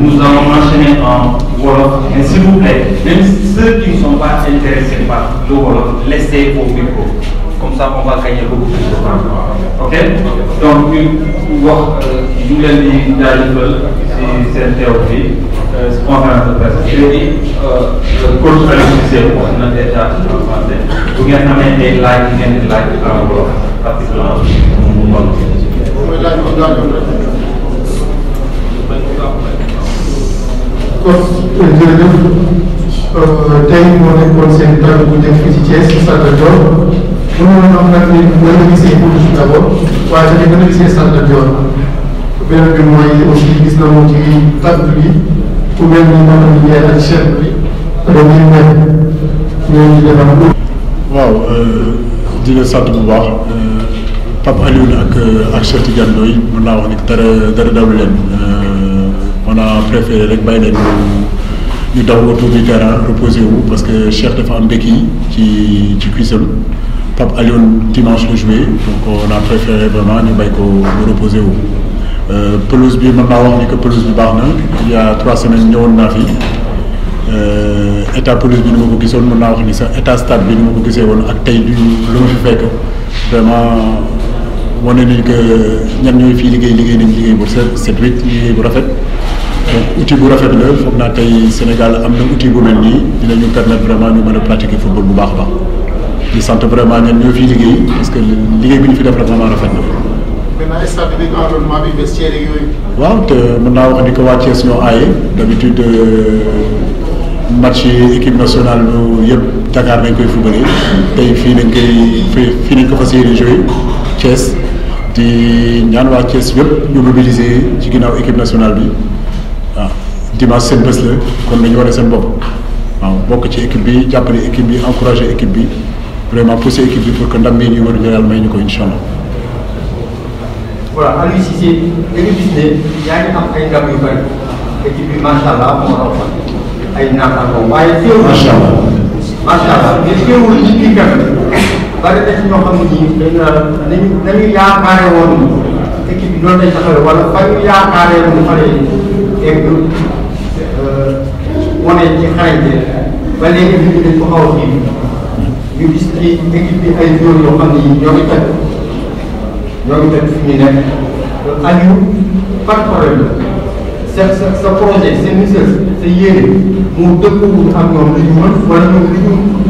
nous allons enchaîner en Wolof. Mais s'il vous plaît, même ceux qui ne sont pas intéressés par le Wolof, laissez au micro. Comme ça, on va gagner beaucoup plus de temps. OK donc ñu wax euh, ñu leen di jaajëfal ci seen teew bi euh, conférence de presse léegi euh, coach Aliou Cissé wax na déjà en français bu ngeen amee ay laaj ngeen di laaj en Wolof pratiquement mu mën kon jërëjëf tey moo nekkoon seen tàggu bu njëkk fii ci Thiès Stade Lat Dior mënoon am nag ni mën nga gisee produit d' abord waaye tamit mën nga gisee Stade Lat Dior beneen bi mooy aussi gis na moom ci tàggu bi ku mel ni maanaam Ndiaye ak chef bi dañuy mel ñooñu defar. waaw euh, di nga sant bu baax euh, Pape Alioune ak euh, ak Cheikh Tidiane Ndoye mën naa wax ni dara dara préféré rek bàyyi leen ñu daw autour du terrain reposer wu parce que chef dafa am béquille ci ci cuisseau Pape Alioune dimanche la joué donc on a préféré vraiment ñu bàyyi ko mu reposer wu. Euh, pelouse bi mën naa wax ni que pelouse bi baax na il y a trois semaines ñëwoon naa fi. Euh, état police bi ni ma ko gisoon mën naa wax ni sax état stade bi ni ma ko gisee woon ak tey du lu ma fi fekk vraiment wane nañ que ñan ñooy fii liggéey liggéey nañ liggéey bu set set wecc liggéey bu rafet donc euh, outil bu rafet la foog naa tey Sénégal am na outil bu mel nii ñu permettre vraiment ñu mën a pratiquer football bu baax a baax di sant vraiment ñan ñoo fi liggéey parce que liggéey bi ñu fi def rek vraiment rafet na. waaw te mën naa wax ni ko waa Thiès ñoo aaye d'habitude euh, match yi équipe nationale lu yëpp Dakar nañ koy footballé tey fii nañ koy fii nañ ko fas yéene joué Thiès. di ñaan waa Thiès yëpp ñu mobiliser ci ginnaaw équipe nationale bi waaw dimanche seen bés la kon nañu wane seen bopp waaw bokk ci équipe bi jàppale équipe bi encourager équipe bi vraiment pousser équipe bi pour que ndam bi ñuy war a jëlaat may ñu ko incha allah. voilà Aliou ne yaa ngi am ay bari na ci ñoo xam ne nii dañ nañu nañu yaakaare woon équipe bi noonu wala fa ñu yaakaaree woon xale yi egg euh, wane ci xarañte ba léegi ngi ko a bi ay góor yoo xam ne nii ñoo ngi teg ñoo ngi teg fi ñu nekk Aliou par problème sa sa sa projet sa mission sa yéene mu dëppoo ak ñoom lu ñu mën wala ñoom lu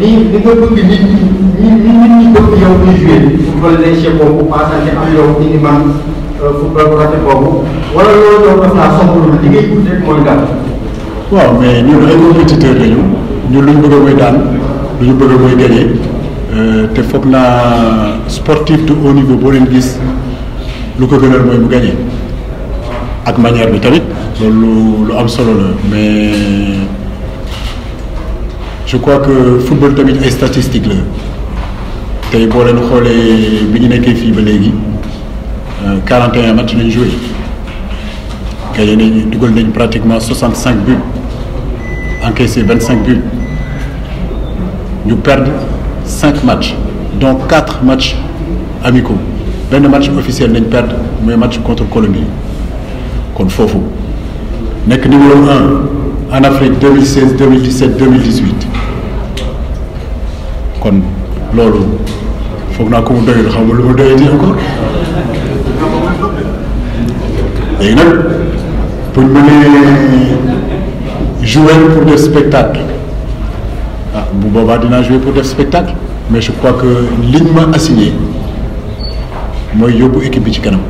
li li nga bëgg nit ñi nit ñi bëgg yow di joué football léger boobu passage am yow di ni man football bu rafet boobu wala loolu yow daf laa soxla li ngay ut rek mooy daan. waaw mais ñun ay compétiteur lañu ñun lu ñu bëgg mooy daan lu ñu bëgg mooy gagné euh, te foog naa sportif de haut niveau boo leen gis lu ko gënal mooy mu gagné ak manière bi tamit loolu lu am solo la mais. je crois que football tamit ay statistiques la tey boo leen xoolee bi ñu nekkee fii ba léegi 41 match lañ joué gagné nañ dugal nañ pratiquement 65 buts encaissé 25 buts ñu perdre 5 matchs dont 4 matchs amicaux benn match officiel nañ perdre mooy match contre Colombie kon foofu nekk numéro 1 en Afrique 2016 2017 2018. kon loolu foog naa ko mu doyul xam nga lu ma doyul ci encore léegi nag bu ñu mënee jouer pour def spectacle ah, bu boobaa dinaa jouer pour def spectacle mais je crois que liñ ma assigné mooy yóbbu équipe bi ci kanam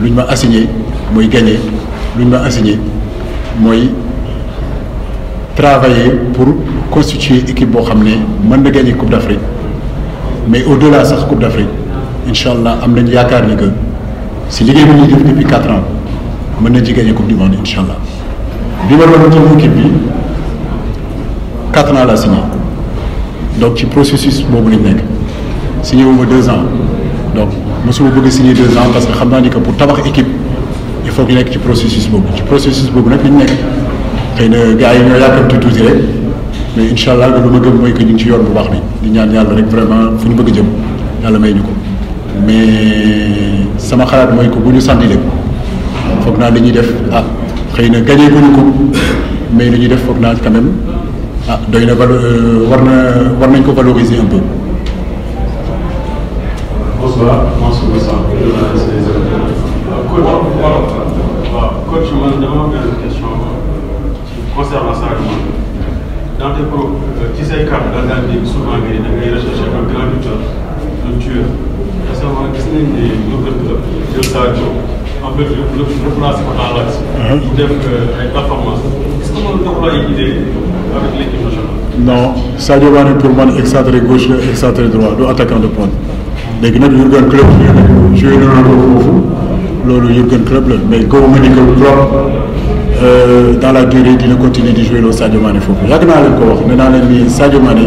luñ ma assigné mooy gagner luñ ma assigné mooy travailler pour. constituer équipe boo xam ne mën na gagner coupe d'Afrique mais au la sax coupe d'Afrique incha allah am nañu yaakaar ni que si liggéey bi ñuy def depuis quatre ans mën nañ ci gagner coupe du monde incha allah bi ma doon jël équipe bi quatre ans laa signé donc ci processus boobu lañ nekk signé wu ma deux ans donc mosuma bëgg a signé deux ans parce que xam naa ni que pour tabax équipe il faut que nekk ci processus boobu ci processus boobu nag lañ nekk xëy na gars yi ñoo mais incha allah lu ma gëm mooy que ñu ngi ci yoon bu baax bi di ñaan yàlla rek vraiment fu ñu bëgg jëm yàlla may ñu ko mais sama xalaat mooy que bu ñu sànni lépp foog naa li ñuy def ah xëy na gagné guñu ko mais li ñuy def foog naa quand même ah doy na valo euh, war na war nañ ko valoriser un peu. dans tes pro ci euh, say kàddu daal daal di souvent ngay da ngay recherché un grand lutteur un tueur parce que man gis nañ ne ñoo gën la jël Sadio en fait remplacé ko dans l'axe mu def ay performances est-ce que loolu jox la mhm. euh, ay idée avec l'équipe nationale. non Sadio Mané pour man excentré gauche la excentré droit du attaquant de pointe léegi nag Jurgen Klopp joué na joué na loolu foofu loolu Jurgen Klopp la mais góobu ma ni que Klopp Euh, dans la durée dina continuer di jouer loo Sadio Mané foofu yàgg naa leen ko wax ne naa leen ni Sadio Mané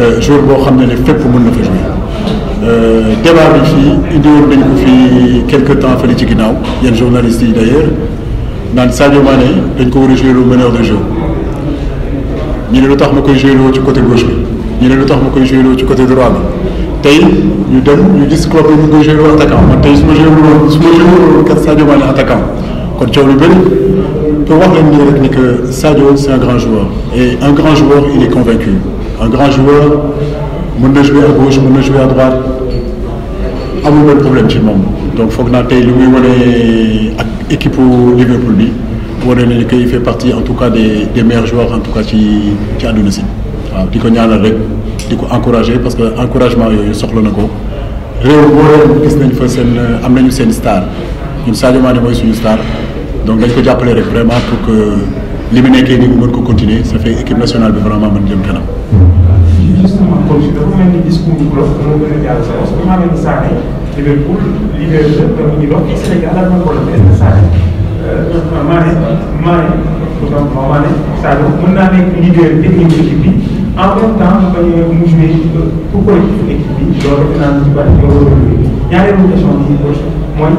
euh, boo xam ne ne fépp mën na fa jouer euh, débat bi fii indiwoon nañ ko fii quelque temps fële ci ginnaaw yenn journalistes yi d'ailleurs naan Sadio dañ ko war a jouer meneur de jeu ñu ne lu tax ma koy jouer loo ci côté gauche bi ñu ne lu tax ma koy jouer loo ci côté droit bi tey ñu dem ñu gis club bi ñu ngi koy jouer loo attaquant man kon coow lu wax leen nii rek ni que Sadio c'est un grand joueur et un grand joueur il est convaincu un grand joueur mën na jouer à gauche mën na jouer à droite amul ci moom donc foog naa tey li muy wane ak équipe Liverpool bi wane na ni que il en tout cas des en tout cas ci ci àdduna si waaw di ko ñaanal rek di ko encourager parce que encouragement yooyu soxla na ko réew nañ fa seen am nañu seen star ñun Sadio mooy suñu star. donc dañ ko jàppale rek vraiment pour que li mu nekkee nii mu mën ko continuer ça fait équipe nationale bi vraiment mën jëm kanam. justement kon dafa mel ni discours bu loolu dafa gën a jàll sa bopp xam nga ni Sané Liverpool Liverpool dafa ñu dox ci Sénégal lan mooy problème est-ce que Sané euh, Mané Mané notamment Mané Sadio mën naa nekk leader technique équipe bi en même temps que mu joué euh, pour collectif équipe bi loolu dina am ci bari ñaareelu question bi mooy.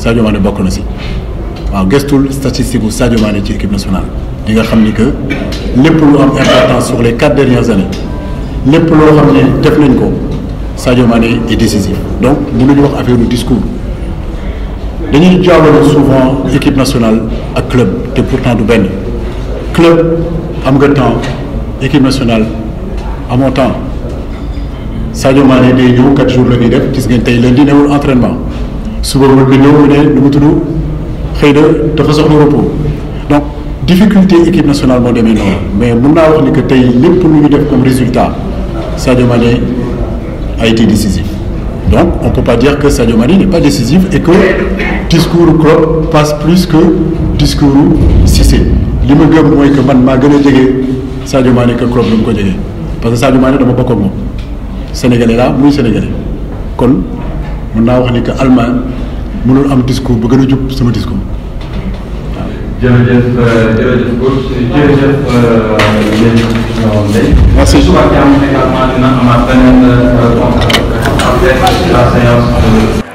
Sadio Mané bokk na si waaw gëstul statistique bu Sadio Mané ci équipe nationale di nga xam ni que lépp lu am importance sur les quatre dernières années lépp loo xam ne def nañ ko Sadio Mané est décisif donc mënuñu wax affaire du discours dañuy jaawale souvent équipe nationale ak club te pourtant du benn club am nga temps équipe nationale amoo temps Sadio Mané day ñëw quatre jours la def gis nga tey lundi newul entraînement suba ba nga ñëw mu ne nu mu tudd xëy na dafa soxla repos donc difficulté équipe nationale moo demee noonu mais mun naa wax ni que tey lépp lu ñu def comme résultat Sadio Mané a été décisif donc on peut pas dire que Sadio Mané pas décisif et que discours Klopp passe plus que discours Cissé li ma gëm mooy que man maa gën a jege Sadio Mané que Klopp lu mu ko jege parce que Sadio Mané dama bokk ak moom sénégalais laa muy sénégalais kon. mën naa wax ni que Allemagne am discours bu gën a jub sama discours waaw.